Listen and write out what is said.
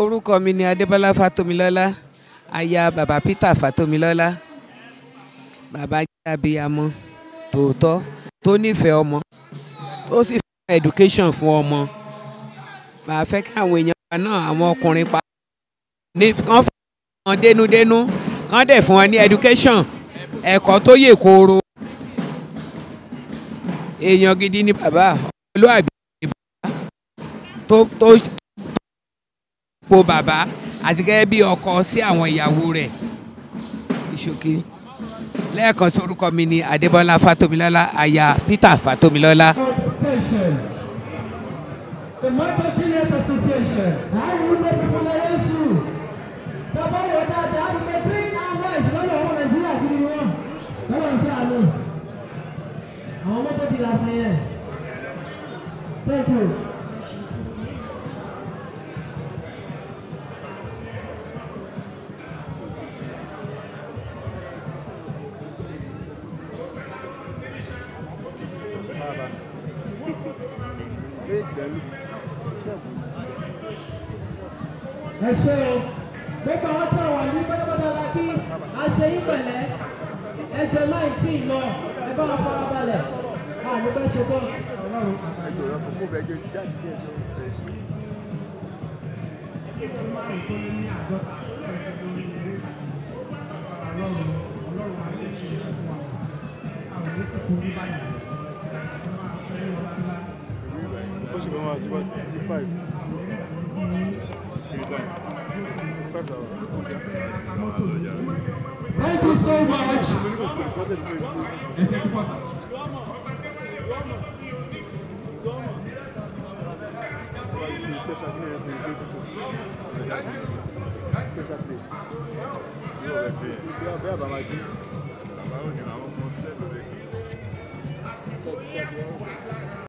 orúkọ mi ni adébọlá fátomilọ́lá aya bàbá peter fátomilọ́lá bàbá jẹ́ abiyamọ tòótọ́ tó nífẹ̀ẹ́ ọmọ tó sì fẹ́ education fún ọmọ màá fẹ́ kí àwọn èèyàn wa náà àwọn ọkùnrin pa ní kán fún wọn dénúdénú kán dẹ̀ fún wọn ní education ẹ̀kọ́ tó yè kooro èèyàn gidi ni bàbá olóàbí ni bàbá tó tó po Baba! àti gẹ́gẹ́ bí ọkọ sí àwọn ìyàwó rẹ̀ ìṣòkè lẹ́ẹ̀kan sí orúkọ mi ni Adébọ́lá Fátómilọ́lá aya Peter Fátómilọ́lá. I will make a declaration. Bàbá yóò dáadáa ní pé three hours lọ́dọ̀ ọmọ Nàìjíríà kí ni wọ́n lọ́dọ̀ ń ṣe Thank you. ẹ ṣe o gbogbo àwọn tí wà ní pátápátá la kí a ṣe yín pẹ̀lẹ́ ẹ jẹ máì tí ì lọ ẹ bá wa fara balẹ̀ a ní bá ṣe tán. ẹ jọ yọ kó kó jẹ jáde jẹ jọ ẹ ṣe. Ọlọ́run ayé ṣe fún wa, àwọn ìgbésẹ̀ tó ń báyìí ó sì máa ti bá ti ti five Thank you so much. Esse é o passado. Thank you.